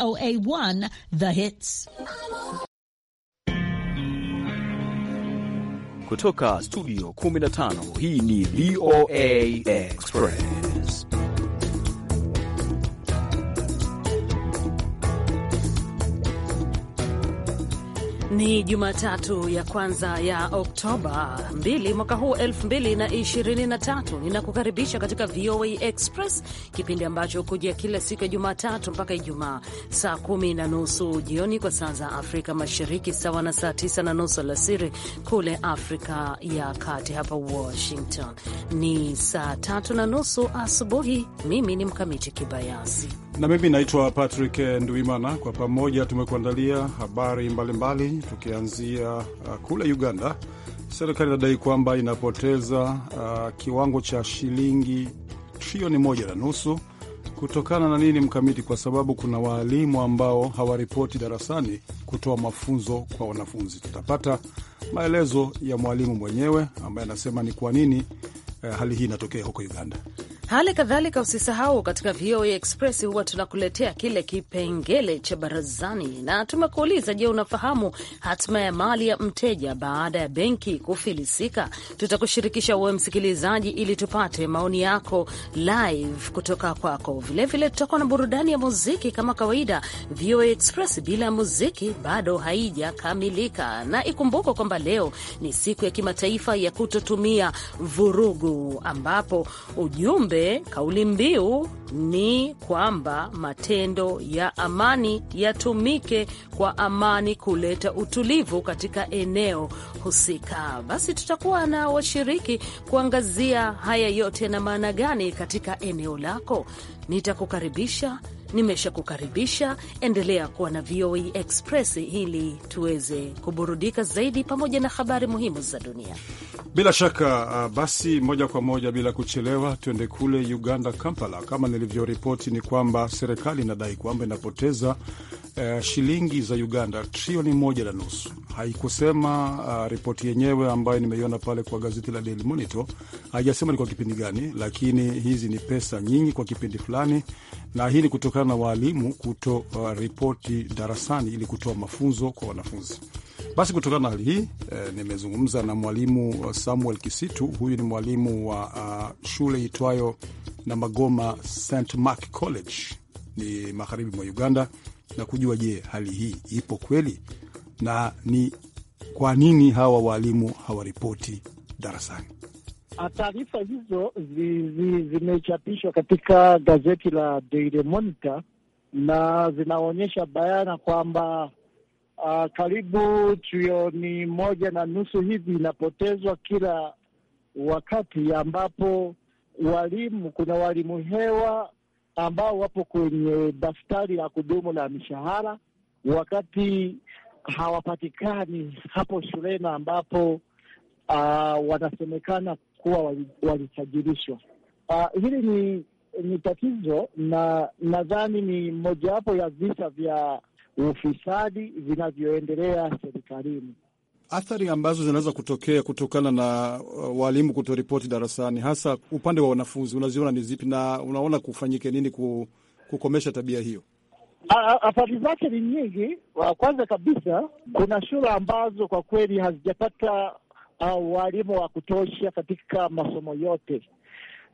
O A one The Hits. Kutoka studio 15 hii ni VOA Express. Ni Jumatatu ya kwanza ya Oktoba 2 mwaka huu 2023. Ninakukaribisha katika VOA Express, kipindi ambacho hukuja kila siku ya Jumatatu mpaka Ijumaa saa kumi na nusu jioni kwa saa za Afrika Mashariki, sawa na saa tisa na nusu alasiri kule Afrika ya Kati. Hapa Washington ni saa tatu na nusu asubuhi. Mimi ni Mkamiti Kibayasi na mimi naitwa Patrick Nduimana. Kwa pamoja tumekuandalia habari mbalimbali mbali, tukianzia uh, kule Uganda. Serikali inadai kwamba inapoteza uh, kiwango cha shilingi trilioni moja na nusu kutokana na nini, Mkamiti? Kwa sababu kuna waalimu ambao hawaripoti darasani kutoa mafunzo kwa wanafunzi. Tutapata maelezo ya mwalimu mwenyewe ambaye anasema ni kwa nini uh, hali hii inatokea huko Uganda. Hali kadhalika usisahau katika VOA Express huwa tunakuletea kile kipengele cha barazani, na tumekuuliza, je, unafahamu hatima ya mali ya mteja baada ya benki kufilisika? Tutakushirikisha uwe msikilizaji, ili tupate maoni yako live kutoka kwako. Vilevile tutakuwa na burudani ya muziki kama kawaida. VOA Express bila ya muziki bado haijakamilika, na ikumbukwe kwamba leo ni siku ya kimataifa ya kutotumia vurugu, ambapo ujumbe Mwenyewe kauli mbiu ni kwamba matendo ya amani yatumike kwa amani kuleta utulivu katika eneo husika. Basi tutakuwa na washiriki kuangazia haya yote na maana gani katika eneo lako. Nitakukaribisha nimeshakukaribisha. Endelea kuwa na VOA e Express ili tuweze kuburudika zaidi pamoja na habari muhimu za dunia. Bila shaka uh, basi, moja kwa moja bila kuchelewa, tuende kule Uganda, Kampala. Kama nilivyoripoti, ni kwamba serikali inadai kwamba inapoteza uh, shilingi za Uganda trilioni moja na nusu. Haikusema uh, ripoti yenyewe ambayo nimeiona pale kwa gazeti la Daily Monitor haijasema ni kwa kipindi gani, lakini hizi ni pesa nyingi kwa kipindi fulani na hii ni kutokana na waalimu kuto uh, ripoti darasani ili kutoa mafunzo kwa wanafunzi. Basi kutokana na hali hii eh, nimezungumza na mwalimu uh, Samuel Kisitu. Huyu ni mwalimu wa uh, shule itwayo na Magoma St Mark College ni magharibi mwa Uganda, na kujua je, hali hii ipo kweli na ni kwa nini hawa waalimu hawaripoti darasani. Ah, taarifa hizo zimechapishwa zi, zi katika gazeti la Daily Monitor na zinaonyesha bayana kwamba uh, karibu trilioni moja na nusu hivi inapotezwa kila wakati, ambapo walimu, kuna walimu hewa ambao wapo kwenye daftari la kudumu la mishahara, wakati hawapatikani hapo shuleni ambapo uh, wanasemekana kuwa walitajirishwa. Uh, hili ni ni tatizo na nadhani ni mojawapo ya visa vya ufisadi vinavyoendelea serikalini. Athari ambazo zinaweza kutokea kutokana na uh, walimu kutoripoti darasani, hasa upande wa wanafunzi, unaziona ni zipi na unaona kufanyike nini kukomesha tabia hiyo? Athari zake ni nyingi. Kwanza kabisa, kuna shule ambazo kwa kweli hazijapata au walimu wa kutosha katika masomo yote,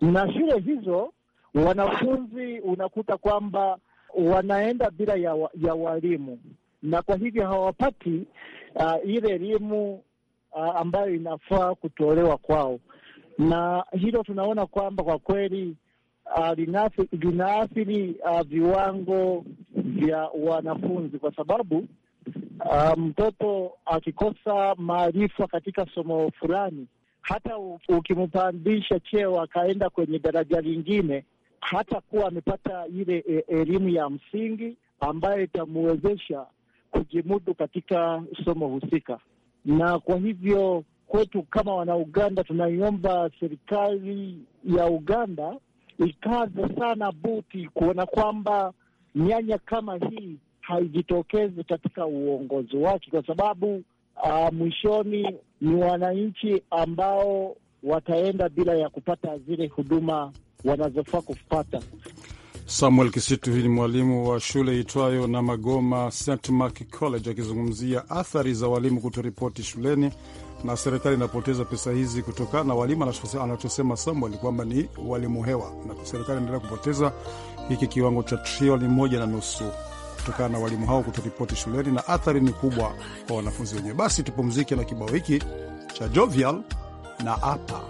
na shule hizo wanafunzi unakuta kwamba wanaenda bila ya, ya walimu na kwa hivyo hawapati uh, ile elimu uh, ambayo inafaa kutolewa kwao, na hilo tunaona kwamba kwa kweli uh, linaathiri uh, viwango vya wanafunzi kwa sababu Uh, mtoto akikosa maarifa katika somo fulani, hata ukimpandisha cheo akaenda kwenye daraja lingine, hata kuwa amepata ile e, elimu ya msingi ambayo itamwezesha kujimudu katika somo husika. Na kwa hivyo kwetu kama Wanauganda, tunaiomba serikali ya Uganda ikaze sana buti kuona kwamba mianya kama hii haijitokezi katika uongozi wake, kwa sababu uh, mwishoni ni wananchi ambao wataenda bila ya kupata zile huduma wanazofaa kupata. Samuel Kisitu, hii ni mwalimu wa shule itwayo na Magoma St Mark College akizungumzia athari za walimu kutoripoti shuleni na serikali inapoteza pesa hizi kutokana na walimu. Anachosema Samuel kwamba ni walimu hewa, na serikali inaendelea kupoteza hiki kiwango cha trilioni moja na nusu kutokana na walimu hao kutoripoti shuleni na athari ni kubwa kwa wanafunzi wenyewe. Basi tupumzike na kibao hiki cha Jovial na apa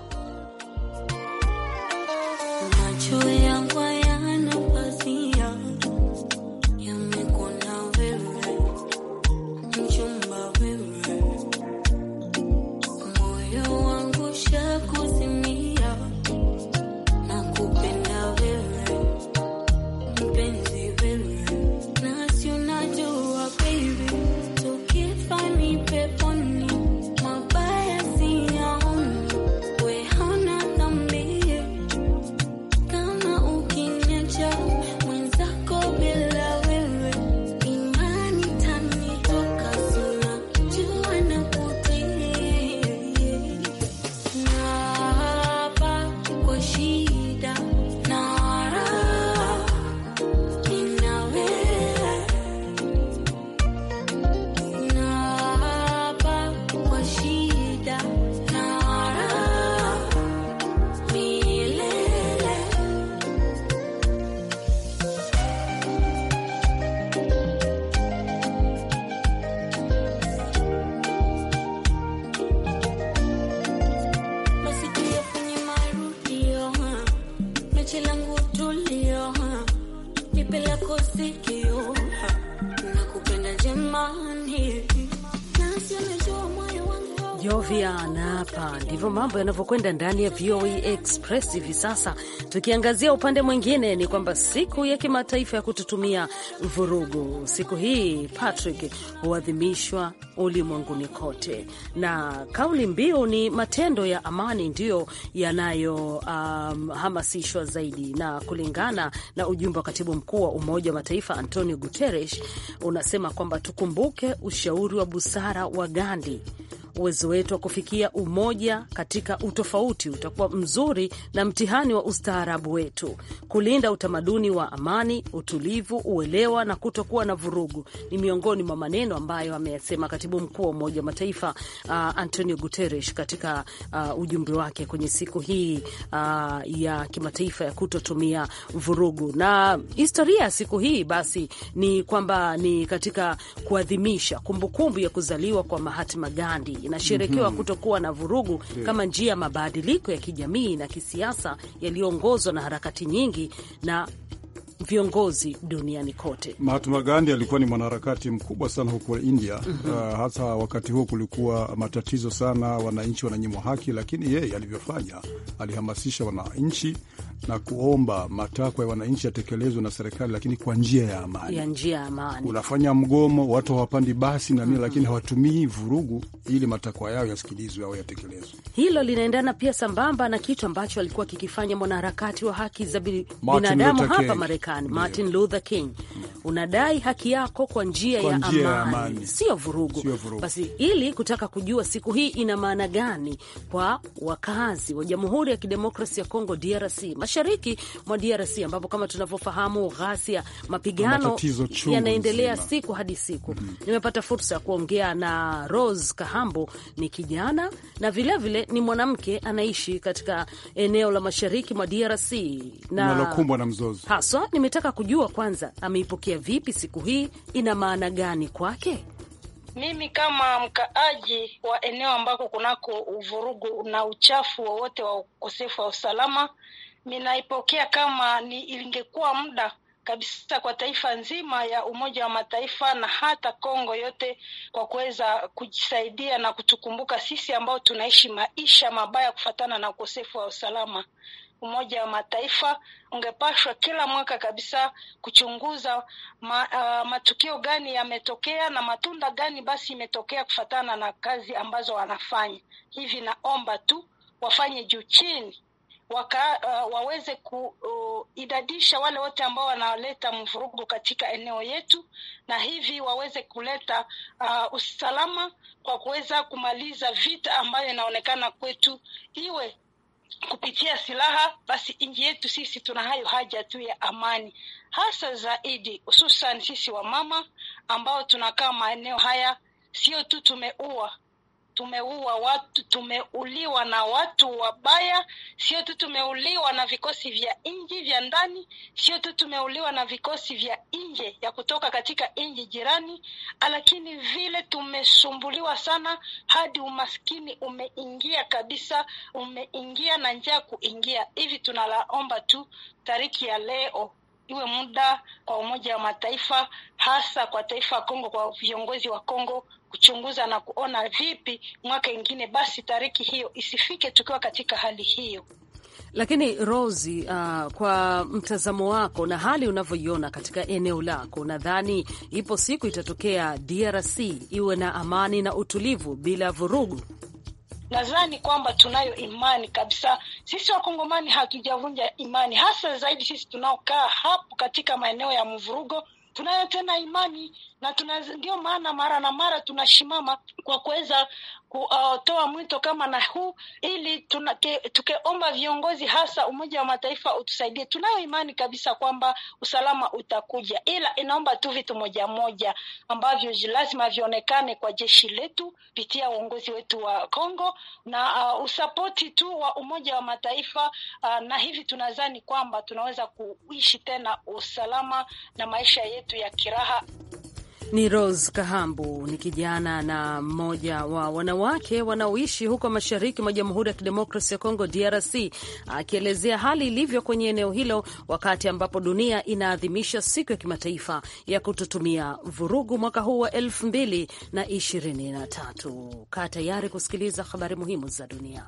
ndivyo mambo yanavyokwenda ndani ya VOA e Express hivi sasa. Tukiangazia upande mwingine, ni kwamba siku ya kimataifa ya kututumia vurugu, siku hii Patrick, huadhimishwa ulimwenguni kote, na kauli mbiu ni matendo ya amani ndiyo yanayohamasishwa um, zaidi, na kulingana na ujumbe wa katibu mkuu wa Umoja wa Mataifa Antonio Guterres unasema kwamba tukumbuke ushauri wa busara wa Gandhi uwezo wetu wa kufikia umoja katika utofauti utakuwa mzuri na mtihani wa ustaarabu wetu. Kulinda utamaduni wa amani, utulivu, uelewa na kutokuwa na vurugu ni miongoni mwa maneno ambayo ameyasema katibu mkuu wa Umoja wa Mataifa uh, Antonio Guterres katika uh, ujumbe wake kwenye siku hii uh, ya kimataifa ya kutotumia vurugu. Na historia ya siku hii basi ni kwamba ni katika kuadhimisha kumbukumbu ya kuzaliwa kwa Mahatma Gandhi inasherekewa mm -hmm. kutokuwa na vurugu yeah. kama njia ya mabadiliko ya kijamii na kisiasa yaliyoongozwa na harakati nyingi na viongozi duniani kote. Mahatma Gandhi alikuwa ni mwanaharakati mkubwa sana huko India. mm -hmm. Uh, hasa wakati huo kulikuwa matatizo sana, wananchi wananyimwa haki, lakini yeye alivyofanya, alihamasisha wananchi na kuomba matakwa ya wananchi yatekelezwe na serikali, lakini kwa njia ya amani, ya njia ya amani. Unafanya mgomo, watu hawapandi basi na nini mm -hmm. lakini hawatumii vurugu ili matakwa yao yasikilizwe au yatekelezwe. Hilo linaendana pia sambamba na kitu ambacho alikuwa kikifanya mwanaharakati wa haki za binadamu hapa Marekani Marekani Martin Luther King, unadai haki yako kwa njia ya amani, sio vurugu. basi, ili kutaka kujua siku hii ina maana gani kwa wakazi wa Jamhuri ya Kidemokrasi ya Kongo DRC, mashariki mwa DRC ambapo kama tunavyofahamu ghasia, mapigano yanaendelea siku hadi siku mm -hmm. Nimepata fursa ya kuongea na Rose Kahambo, ni kijana na vilevile vile, ni mwanamke anaishi katika eneo la mashariki mwa DRC na, na, na mzozo haswa nimetaka kujua kwanza ameipokea vipi siku hii, ina maana gani kwake? Mimi kama mkaaji wa eneo ambako kunako uvurugu na uchafu wowote wa ukosefu wa usalama, ninaipokea kama ni ilingekuwa muda kabisa kwa taifa nzima ya Umoja wa Mataifa na hata Kongo yote kwa kuweza kujisaidia na kutukumbuka sisi ambao tunaishi maisha mabaya kufatana na ukosefu wa usalama. Umoja wa Mataifa ungepashwa kila mwaka kabisa kuchunguza ma, uh, matukio gani yametokea na matunda gani basi imetokea kufatana na kazi ambazo wanafanya hivi. Naomba tu wafanye juu chini waka, uh, waweze kuidadisha uh, wale wote ambao wanaleta mvurugo katika eneo yetu, na hivi waweze kuleta uh, usalama kwa kuweza kumaliza vita ambayo inaonekana kwetu iwe kupitia silaha. Basi nchi yetu sisi tuna hayo haja tu ya amani, hasa zaidi hususan sisi wamama ambao tunakaa maeneo haya, sio tu tumeua tumeua watu, tumeuliwa na watu wabaya. Sio tu tumeuliwa na vikosi vya nji vya ndani, sio tu tumeuliwa na vikosi vya nje ya kutoka katika nji jirani, lakini vile tumesumbuliwa sana hadi umaskini umeingia kabisa, umeingia na njaa kuingia hivi. Tunalaomba tu tariki ya leo iwe muda kwa Umoja wa Mataifa, hasa kwa taifa ya Kongo, kwa viongozi wa Kongo kuchunguza na kuona vipi mwaka ingine basi tariki hiyo isifike tukiwa katika hali hiyo. Lakini Rosi, uh, kwa mtazamo wako na hali unavyoiona katika eneo lako, nadhani ipo siku itatokea DRC iwe na amani na utulivu bila vurugu. Nadhani kwamba tunayo imani kabisa. Sisi Wakongomani hatujavunja imani, hasa zaidi sisi tunaokaa hapo katika maeneo ya mvurugo tunayo tena imani na tuna, ndio maana mara na mara tunashimama kwa kuweza kutoa uh, mwito kama na huu ili tukeomba viongozi hasa Umoja wa Mataifa utusaidie. Tunayo imani kabisa kwamba usalama utakuja, ila inaomba tu vitu moja moja ambavyo lazima vionekane kwa jeshi letu kupitia uongozi wetu wa Kongo na uh, usapoti tu wa Umoja wa Mataifa uh, na hivi tunadhani kwamba tunaweza kuishi tena usalama na maisha yetu ya kiraha. Ni Rose Kahambu, ni kijana na mmoja wa wanawake wanaoishi huko mashariki mwa Jamhuri ya Kidemokrasi ya Kongo, DRC, akielezea hali ilivyo kwenye eneo hilo wakati ambapo dunia inaadhimisha siku ya kimataifa ya kutotumia vurugu mwaka huu wa elfu mbili na ishirini na tatu. Kaa tayari kusikiliza habari muhimu za dunia.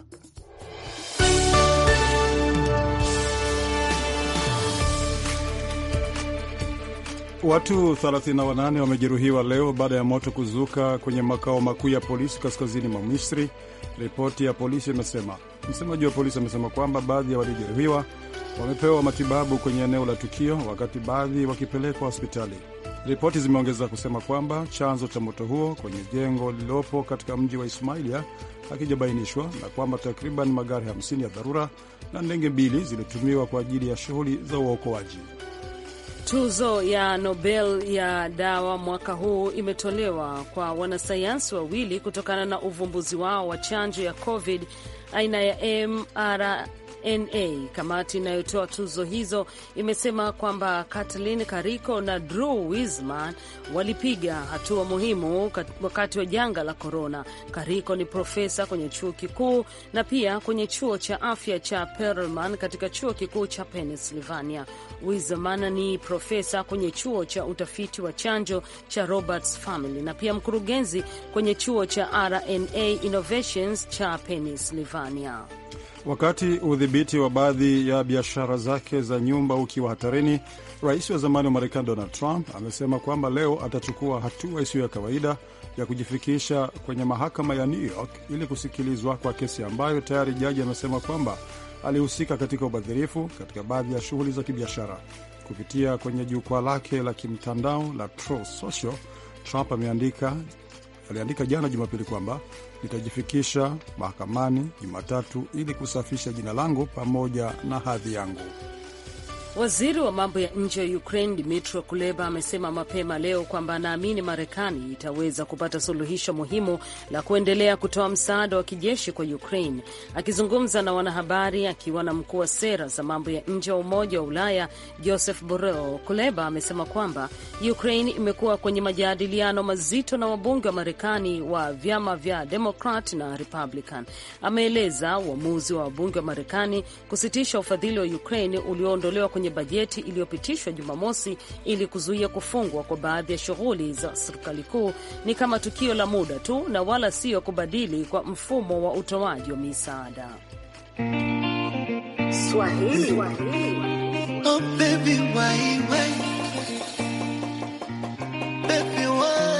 Watu 38 wamejeruhiwa leo baada ya moto kuzuka kwenye makao makuu ya polisi kaskazini mwa Misri, ripoti ya polisi imesema. Msemaji wa polisi amesema kwamba baadhi ya waliojeruhiwa wamepewa matibabu kwenye eneo la tukio, wakati baadhi wakipelekwa hospitali. Ripoti zimeongeza kusema kwamba chanzo cha moto huo kwenye jengo lililopo katika mji wa Ismailia hakijabainishwa na kwamba takriban magari 50 ya dharura na ndege mbili zilitumiwa kwa ajili ya shughuli za uokoaji. Tuzo ya Nobel ya dawa mwaka huu imetolewa kwa wanasayansi wawili kutokana na uvumbuzi wao wa chanjo ya COVID aina ya mrna kamati inayotoa tuzo hizo imesema kwamba Kathleen Kariko na Drew wisman walipiga hatua muhimu wakati wa janga la korona. Kariko ni profesa kwenye chuo kikuu na pia kwenye chuo cha afya cha Perelman katika chuo kikuu cha Pennsylvania. Wizamana ni profesa kwenye chuo cha utafiti wa chanjo cha Roberts Family na pia mkurugenzi kwenye chuo cha RNA Innovations cha Pennsylvania. Wakati udhibiti wa baadhi ya biashara zake za nyumba ukiwa hatarini, rais wa zamani wa Marekani Donald Trump amesema kwamba leo atachukua hatua isiyo ya kawaida ya kujifikisha kwenye mahakama ya New York ili kusikilizwa kwa kesi ambayo tayari jaji amesema kwamba alihusika katika ubadhirifu katika baadhi ya shughuli za kibiashara. Kupitia kwenye jukwaa lake la kimtandao la Truth Social, Trump ameandika aliandika jana Jumapili kwamba nitajifikisha mahakamani Jumatatu ili kusafisha jina langu pamoja na hadhi yangu. Waziri wa mambo ya nje ya Ukraine Dmytro Kuleba amesema mapema leo kwamba anaamini Marekani itaweza kupata suluhisho muhimu la kuendelea kutoa msaada wa kijeshi kwa Ukraine. Akizungumza na wanahabari akiwa na mkuu wa sera za mambo ya nje wa Umoja wa Ulaya Joseph Borrell, Kuleba amesema kwamba Ukraine imekuwa kwenye majadiliano mazito na wabunge wa Marekani wa vyama vya demokrat na Republican. Ameeleza uamuzi wa wabunge wa Marekani kusitisha ufadhili wa Ukraine ulioondolewa kwenye kwenye bajeti iliyopitishwa Jumamosi ili kuzuia kufungwa kwa baadhi ya shughuli za serikali kuu ni kama tukio la muda tu na wala siyo kubadili kwa mfumo wa utoaji wa misaada. Swahili. Oh, baby, why, why? Baby, why?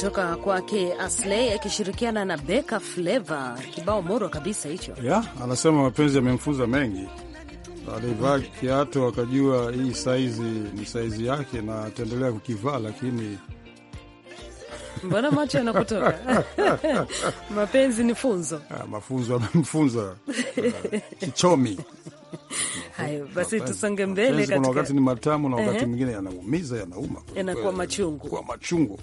kutoka kwake Asley akishirikiana na Beka Fleva, kibao moro kabisa hicho. Yeah, anasema mapenzi yamemfunza mengi. Alivaa kiatu akajua hii saizi ni saizi yake, na ataendelea kukivaa lakini Mbona macho yanakutoka? mapenzi ni funzo. Ha, ah, mafunzo amemfunza kichomi. Hayo basi, tusonge mbele katika... kuna wakati ni matamu na wakati mwingine yanaumiza, yanauma, yanakuwa machungu, kwa machungu.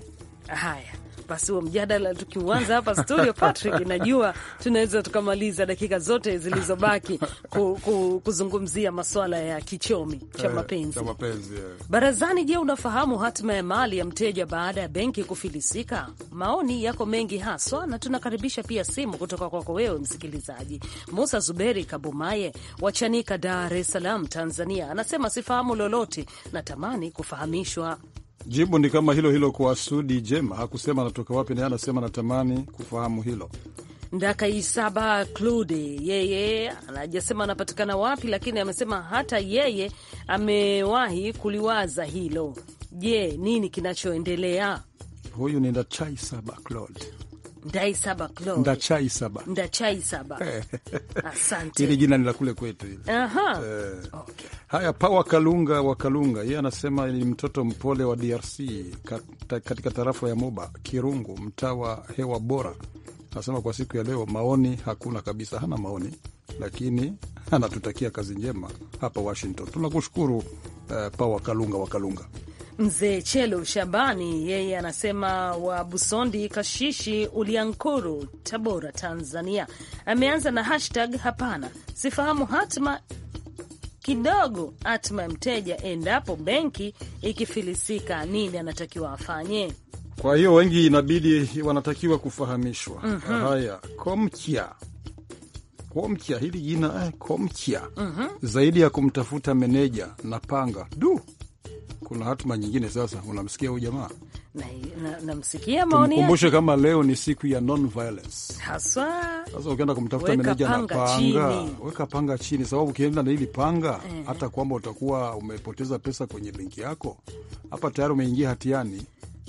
Haya basi, huo mjadala tukiuanza hapa studio, Patrick, najua tunaweza tukamaliza dakika zote zilizobaki ku, ku, kuzungumzia maswala ya kichomi cha eh, mapenzi yeah. Eh. barazani. Je, unafahamu hatima ya mali ya mteja baada ya benki kufilisika? Maoni yako mengi haswa, na tunakaribisha pia simu kutoka kwako wewe msikilizaji. Musa Zuberi Kabumaye Wachanika, Dar es Salaam, Tanzania, anasema sifahamu lolote, natamani kufahamishwa. Jibu ni kama hilo hilo kwa Sudi Jema, hakusema anatoka wapi, naye anasema anatamani kufahamu hilo. Ndakaisaba Klude yeye anajasema anapatikana wapi, lakini amesema hata yeye amewahi kuliwaza hilo. Je, nini kinachoendelea? Huyu ni Ndachai Saba Claude ndachai Claude. Ndachaisaba. saba Asante. Hili jina ni la kule kwetu hili. Aha. Eh. Okay. Haya, Pawa Kalunga wakalunga Kalunga, yeye anasema ni mtoto mpole wa DRC katika tarafa ya Moba Kirungu, mtaa wa hewa bora. Anasema kwa siku ya leo maoni hakuna kabisa, hana maoni lakini anatutakia kazi njema hapa Washington. Tunakushukuru uh, eh, Pawa Kalunga wakalunga Mzee Chelo Shabani yeye anasema wa Busondi Kashishi, Uliankuru, Tabora, Tanzania. Ameanza na hashtag hapana, sifahamu hatma kidogo hatma ya mteja endapo benki ikifilisika, nini anatakiwa afanye? Kwa hiyo wengi inabidi wanatakiwa kufahamishwa. mm -hmm. Haya, komkia komkia, hili jina eh, komkia mm -hmm. zaidi ya kumtafuta meneja na panga du kuna hatima nyingine. Sasa unamsikia huyu jamaa, namsikia maoni yake. Kumbushe kama leo ni siku ya non violence haswa. Sasa ukienda kumtafuta meneja na panga, chini, weka panga chini, sababu ukienda na hili panga mm hata -hmm. kwamba utakuwa umepoteza pesa kwenye benki yako, hapa tayari umeingia hatiani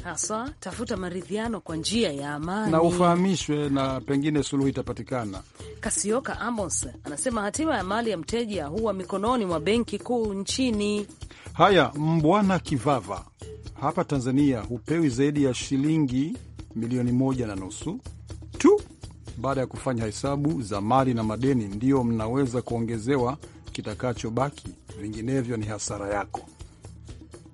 haswa. Tafuta maridhiano kwa njia ya amani na ufahamishwe, na pengine suluhu itapatikana. Kasioka Amos anasema hatima ya mali ya mteja huwa mikononi mwa benki kuu nchini. Haya, Mbwana Kivava hapa Tanzania hupewi zaidi ya shilingi milioni moja na nusu tu. Baada ya kufanya hesabu za mali na madeni, ndiyo mnaweza kuongezewa kitakachobaki, vinginevyo ni hasara yako.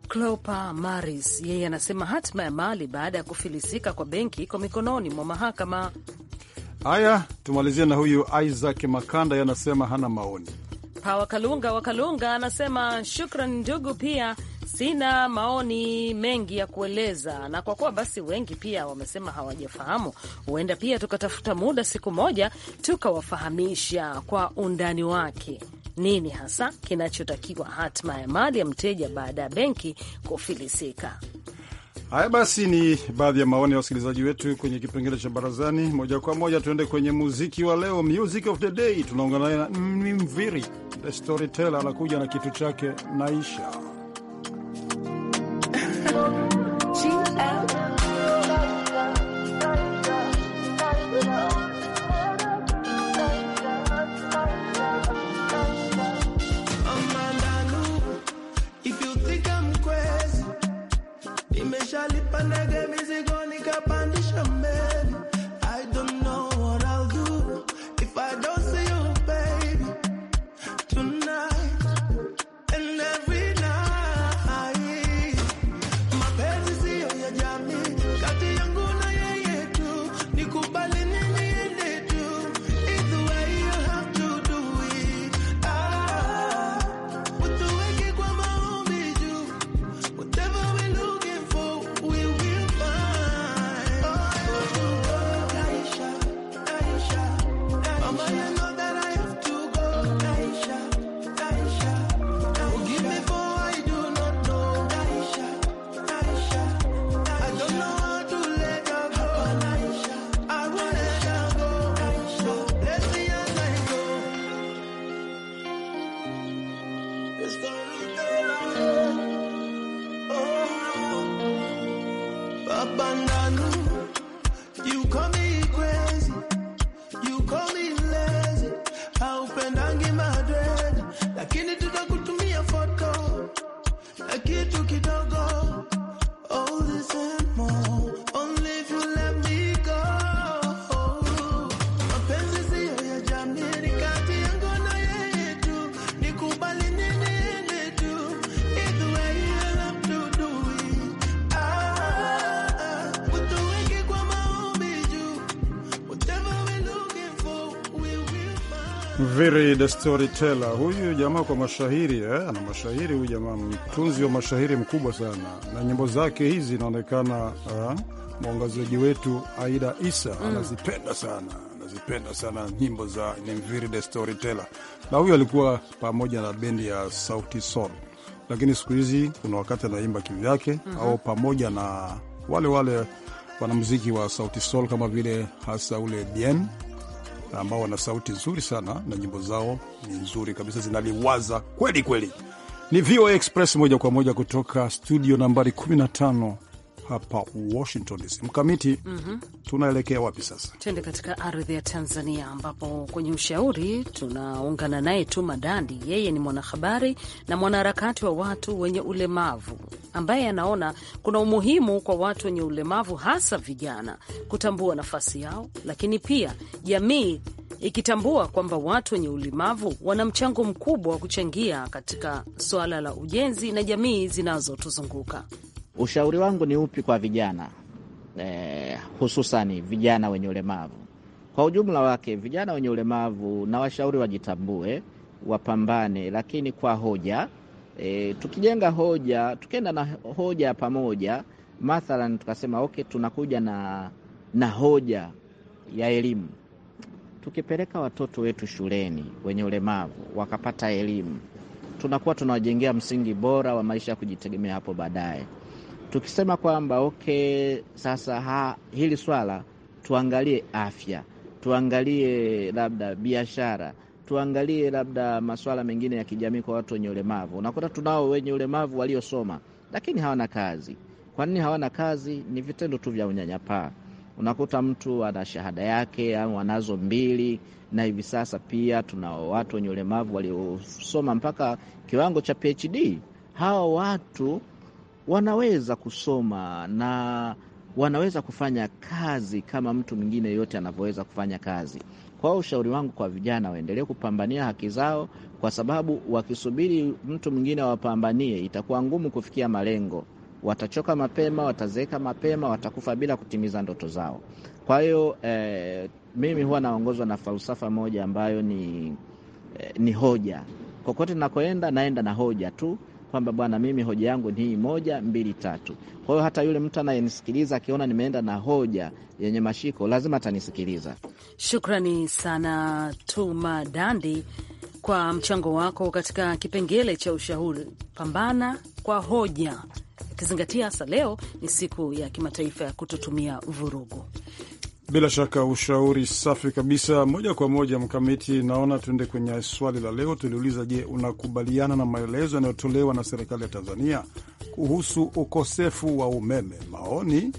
Clopa Maris yeye anasema hatima ya mali baada ya kufilisika kwa benki iko mikononi mwa mahakama. Haya, tumalizie na huyu Isaac Makanda, yanasema hana maoni hapa Wakalunga anasema shukran ndugu, pia sina maoni mengi ya kueleza, na kwa kuwa basi wengi pia wamesema hawajafahamu, huenda pia tukatafuta muda siku moja tukawafahamisha kwa undani wake nini hasa kinachotakiwa, hatima ya mali ya mteja baada ya benki kufilisika. Haya basi, ni baadhi ya maoni ya wasikilizaji wetu kwenye kipengele cha barazani. Moja kwa moja tuende kwenye muziki wa leo, music of the day. Tunaungana naye na Mviri the storyteller, anakuja na kitu chake naisha unifundisha mema abandonado the Storyteller, huyu jamaa kwa mashahiri eh? Ana mashahiri huyu jamaa, mtunzi wa mashahiri mkubwa sana, na nyimbo zake hizi inaonekana eh? Mwongozaji wetu Aida Isa mm. anazipenda sana, anazipenda sana nyimbo za nemviri the Storyteller, na huyu alikuwa pamoja na bendi ya Sauti Sol, lakini siku hizi kuna wakati anaimba kivyake mm -hmm. au pamoja na wale wale wanamziki wa Sauti Sol kama vile hasa ule Bien na ambao wana sauti nzuri sana na nyimbo zao ni nzuri kabisa, zinaliwaza kweli kweli. Ni VOA Express moja kwa moja kutoka studio nambari 15 hapa Washington DC. Mkamiti, mm -hmm. tunaelekea wapi sasa? Tuende katika ardhi ya Tanzania, ambapo kwenye ushauri tunaungana naye Tuma Dandi. Yeye ni mwanahabari na mwanaharakati wa watu wenye ulemavu ambaye anaona kuna umuhimu kwa watu wenye ulemavu, hasa vijana, kutambua nafasi yao, lakini pia jamii ikitambua kwamba watu wenye ulemavu wana mchango mkubwa wa kuchangia katika suala la ujenzi na jamii zinazotuzunguka. Ushauri wangu ni upi kwa vijana eh, hususani vijana wenye ulemavu kwa ujumla wake? Vijana wenye ulemavu na washauri wajitambue, wapambane, lakini kwa hoja E, tukijenga hoja, tukienda na hoja pamoja, mathalan tukasema okay, tunakuja na, na hoja ya elimu tukipeleka watoto wetu shuleni wenye ulemavu wakapata elimu, tunakuwa tunawajengea msingi bora wa maisha ya kujitegemea hapo baadaye tukisema kwamba okay, sasa ha, hili swala tuangalie afya, tuangalie labda biashara, tuangalie labda masuala mengine ya kijamii kwa watu wenye ulemavu. Unakuta tunao wenye ulemavu waliosoma lakini hawana kazi. Kwa nini hawana kazi? Ni vitendo tu vya unyanyapaa. Unakuta mtu ana shahada yake au anazo mbili, na hivi sasa pia tuna watu wenye ulemavu waliosoma mpaka kiwango cha PhD. Hawa watu wanaweza kusoma na wanaweza kufanya kazi kama mtu mwingine yote anavyoweza kufanya kazi. Kwa hiyo ushauri wangu kwa vijana, waendelee kupambania haki zao, kwa sababu wakisubiri mtu mwingine awapambanie itakuwa ngumu kufikia malengo. Watachoka mapema, watazeeka mapema, watakufa bila kutimiza ndoto zao. Kwa hiyo eh, mimi huwa naongozwa na falsafa moja ambayo ni, eh, ni hoja. Kokote nakoenda naenda na hoja tu kwamba bwana, mimi hoja yangu ni hii moja, mbili, tatu. Kwa hiyo hata yule mtu anayenisikiliza akiona nimeenda na hoja yenye mashiko, lazima atanisikiliza. Shukrani sana Tuma Dandi kwa mchango wako katika kipengele cha ushauri. Pambana kwa hoja, ukizingatia hasa leo ni siku ya kimataifa ya kutotumia vurugu. Bila shaka ushauri safi kabisa. Moja kwa moja, Mkamiti, naona tuende kwenye swali la leo. Tuliuliza, je, unakubaliana na maelezo yanayotolewa na serikali ya Tanzania kuhusu ukosefu wa umeme? Maoni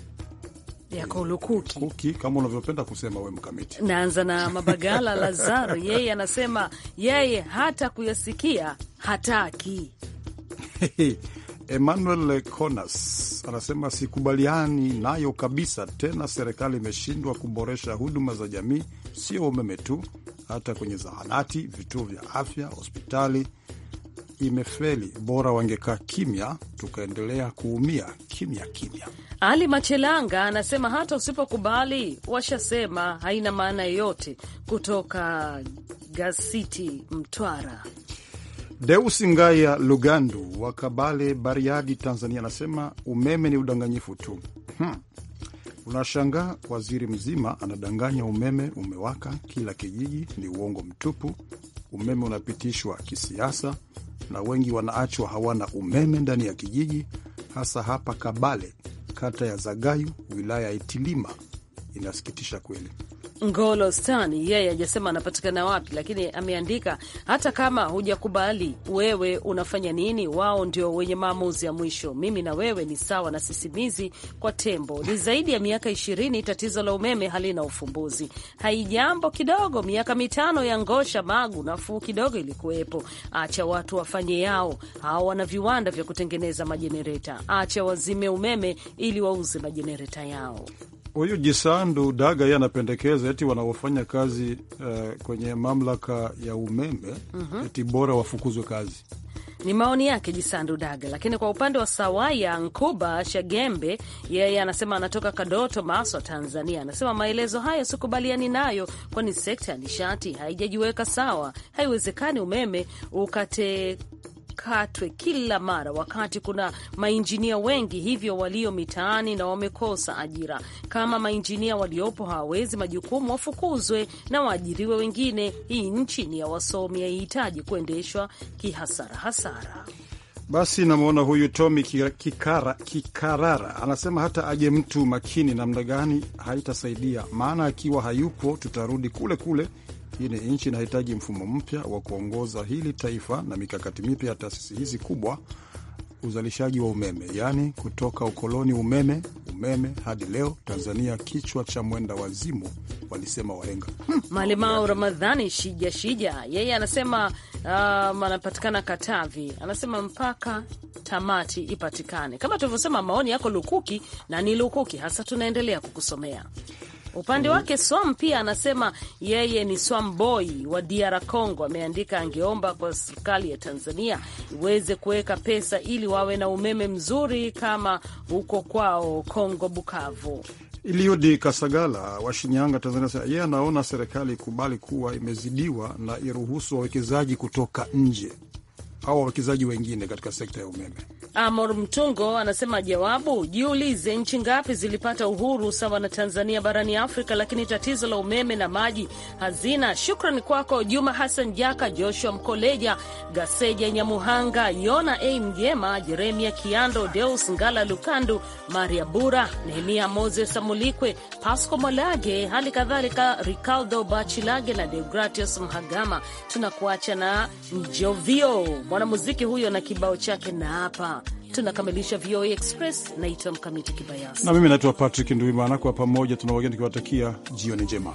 yako lukuki kuki, kama unavyopenda kusema we Mkamiti. Naanza na Mabagala Lazaro, yeye anasema yeye hata kuyasikia hataki Emmanuel Conas anasema sikubaliani nayo kabisa. Tena serikali imeshindwa kuboresha huduma za jamii, sio umeme tu, hata kwenye zahanati, vituo vya afya, hospitali imefeli. Bora wangekaa kimya, tukaendelea kuumia kimya kimya. Ali Machelanga anasema hata usipokubali washasema, haina maana yoyote. Kutoka Gasiti Mtwara. Deusi Ngaya Lugandu wa Kabale, Bariadi, Tanzania anasema umeme ni udanganyifu tu. Hmm, unashangaa waziri mzima anadanganya, umeme umewaka kila kijiji, ni uongo mtupu. Umeme unapitishwa kisiasa na wengi wanaachwa hawana umeme ndani ya kijiji, hasa hapa Kabale, kata ya Zagayu, wilaya ya Itilima. Inasikitisha kweli. Ngolo Stani yeye ajasema hajasema anapatikana wapi, lakini ameandika hata kama hujakubali wewe unafanya nini, wao ndio wenye maamuzi ya mwisho. Mimi na wewe ni sawa na sisimizi kwa tembo. Ni zaidi ya miaka ishirini, tatizo la umeme halina ufumbuzi. Haijambo kidogo, miaka mitano ya ngosha magu, nafuu kidogo ilikuwepo. Acha watu wafanye yao, hao wana viwanda vya kutengeneza majenereta. Acha wazime umeme ili wauze majenereta yao. Huyu Jisandu Daga yeye anapendekeza eti wanaofanya kazi uh, kwenye mamlaka ya umeme mm -hmm. eti bora wafukuzwe kazi. Ni maoni yake Jisandu Daga. Lakini kwa upande wa Sawaya Nkuba Shagembe, yeye anasema anatoka Kadoto, Maswa, Tanzania. Anasema maelezo hayo sikubaliani nayo, kwani sekta ya nishati haijajiweka sawa. Haiwezekani umeme ukate ikatwe kila mara, wakati kuna mainjinia wengi hivyo walio mitaani na wamekosa ajira. Kama mainjinia waliopo hawawezi majukumu, wafukuzwe na waajiriwe wengine. Hii nchi ni ya wasomi, haihitaji kuendeshwa kihasara hasara. Basi namwona huyu Tomi Kikara, Kikarara anasema hata aje mtu makini namna gani haitasaidia, maana akiwa hayupo tutarudi kule kule hii ni nchi inahitaji mfumo mpya wa kuongoza hili taifa na mikakati mipya ya taasisi hizi kubwa uzalishaji wa umeme, yaani kutoka ukoloni umeme umeme hadi leo Tanzania kichwa cha mwenda wazimu, walisema wahenga. Malimao hmm, Ramadhani Shija Shija yeye anasema uh, anapatikana Katavi, anasema mpaka tamati ipatikane. Kama tulivyosema, maoni yako lukuki na ni lukuki hasa, tunaendelea kukusomea Upande wake Swam pia anasema yeye ni Swam boy wa DR Congo. Ameandika angeomba kwa serikali ya Tanzania iweze kuweka pesa ili wawe na umeme mzuri kama huko kwao Congo Bukavu. Iliudi Kasagala wa Shinyanga, Tanzania, yeye anaona serikali ikubali kuwa imezidiwa na iruhusu wawekezaji kutoka nje au wawekezaji wengine katika sekta ya umeme. Amor Mtungo anasema jawabu, jiulize nchi ngapi zilipata uhuru sawa na Tanzania barani Afrika, lakini tatizo la umeme na maji hazina. Shukrani kwako Juma Hassan Jaka, Joshua Mkoleja, Gaseja Nyamuhanga, Yona A Mjema, Jeremia Kiando, Deus Ngala Lukandu, Maria Bura, Nehemia Moses Amulikwe, Pasco Molage, hali kadhalika Ricardo Bachilage na Deogratius Mhagama. Tunakuacha na Njovio, mwanamuziki huyo na kibao chake na hapa tunakamilisha VOA Express. Naitwa Mkamiti Kibayasi na mimi naitwa Patrick Nduimana. Kwa pamoja tunawagia tukiwatakia jioni njema.